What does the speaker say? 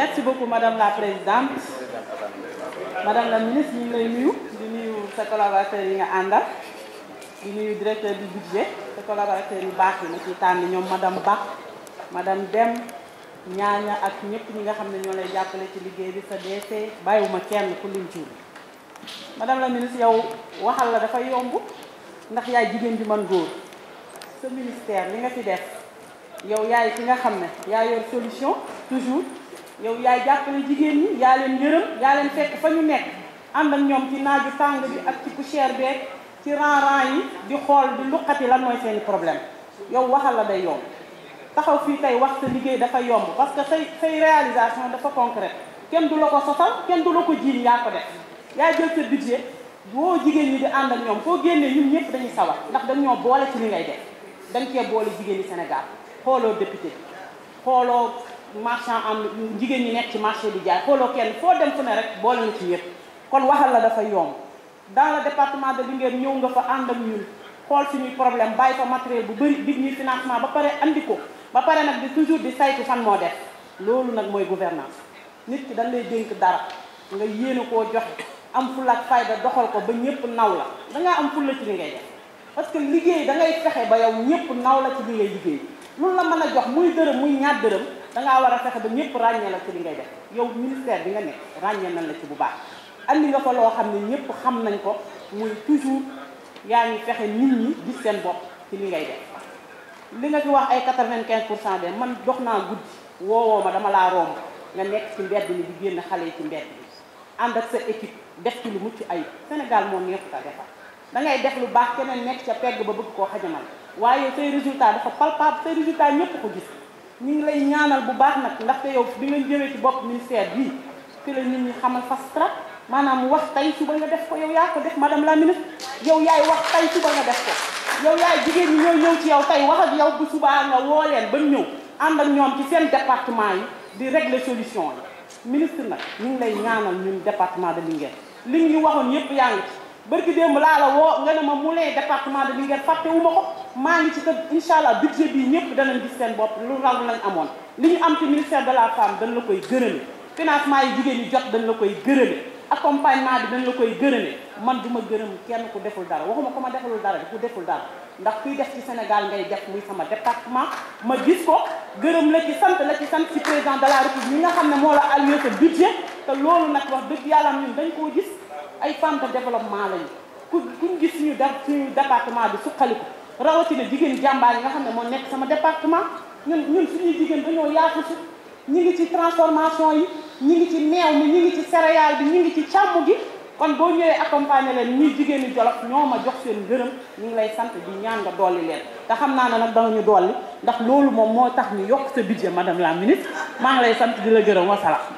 merci beaucoup madame la présidente madame la ministre ñu ngi lay di sa collaborateur directeur du budget collaborateur madame Bach, madame Dem ak Nous sommes nga nous ne ci liggéey bi sa kenn ku madame la ministre yow waxal la dafa sommes ndax yaay de bi man ministère li nga ministère, def yow yaay ki nga une solution toujours yow yaay jàppale jigéen ñi yaa leen yërëm yaa leen fekk fa ñu nekk ànd ak ñoom ci naaju tàng bi ak ci poussière beek ci ran ranran yi di xool di luqati lan mooy seeni problème yow waxal la day yomb taxaw fii tey wax sa liggéey dafa yomb parce que say say réalisation dafa concret kenn du la ko sosal kenn du la ko jiiñ yaa ko def yaa jël sa budget boo jigéen ñi di ànd ak ñoom foo génnee ñun ñëpp dañuy sawar ndax dañ ñoo boole ci li ngay def dañ cee boole jigéen ñi Sénégal xooloo député xooloo marchand am jigéen ñi nekk ci marché bi jaay xooloo kenn foo dem fu ne rek boole na ci ñëpp kon waxal la dafa yomb daal le département de Linguère ñëw nga fa ànd ak ñun xool suñuy problème bàyyi ko matériel bu bëri dig ñuy financement ba pare andi ko ba pare nag di toujours di saytu fan moo def loolu nag mooy gouvernance nit ki dañ lay dénk dara nga yéene koo joxe am fulla ak fayda doxal ko ba ñëpp naw la dangaa am fulla ci li ngay def parce que liggéey da ngay fexe ba yow ñëpp naw la ci li ngay liggéey loolu la mën jox muy dërëm muy ñaar dërëm dangaa war a fexe ba ñëpp ràññee la ci li ngay def yow ministère bi nga nekk ràññee nañ la ci bu baax andi nga ko loo xam ne ñëpp xam nañ ko muy toujours yaa ngi fexe nit ñi gis seen bopp ci li ngay def li nga ci wax ay 95 pour cent de man dox naa guddi woowoo ma dama laa romb nga nekk ci mbedd mi di génn xale yi ci mbedd bi ànd ak sa équipe def ci lu mucc ayib Sénégal moo neexut a defar da ngay def lu baax keneen nekk ca pegg ba bëgg koo xajamal waaye say ko gis ñu ngi lay ñaanal bu baax nag ndaxte yow bi nga ñëwee ci bopp ministère bii fi la nit ñi xamal fast track maanaam wax tey suba nga def ko yow yaa ko def madame la ministre yow yaay wax tey suba nga def ko yow yaay jigéen ñi ñoo ñëw ci yow tey wax ak yow bu suba nga woo leen ba ñëw ànd ak ñoom ci seen département yi di régler solution la ministre nag ñu ngi lay ñaanal ñun département de Linguère li ñu waxoon yépp yaa ngi ci bërki démb laa la woo ma mu département de Linguère fàtte wu ma maa ngi ci te incha allah budget bii ñëpp danañ gis seen bopp lu raw lañ amoon li ñu am ci ministère de la femme dañ la koy gërëme financement yi jigéen ñi jot dañ la koy gërëme accompagnement bi dañ la koy gërëme man duma gërëm kenn ku deful dara waxuma ko ma deful dara ku deful dara ndax kuy def ci Sénégal ngay def muy sama département ma gis ko gërëm la ci sant la ci sant ci président de la République ñi nga xam ne moo la alloué sa budget te loolu nag wax yàlla ñun dañ koo gis ay femmes développement lañu ku kuñ gis suñu da suñu département bi suqaliku rawatina jigéen jàmbaar yi nga xam ne moo nekk sama département ñun ñun suñuy jigéen dañoo yaatu ñu ngi ci transformation yi ñu ngi ci meew mi ñu ngi ci céréale bi ñu ngi ci càmm gi kon boo ñëwee accompagner leen ñuy jigéenu Jolof ñoo ma jox seen gërëm ñu ngi lay sant di ñaan nga dolli leen te xam naa ne nag danga ñu dolli ndax loolu moom moo tax ñu yokk sa budget madame la ministre maa ngi lay sant di la gërëm wasalaam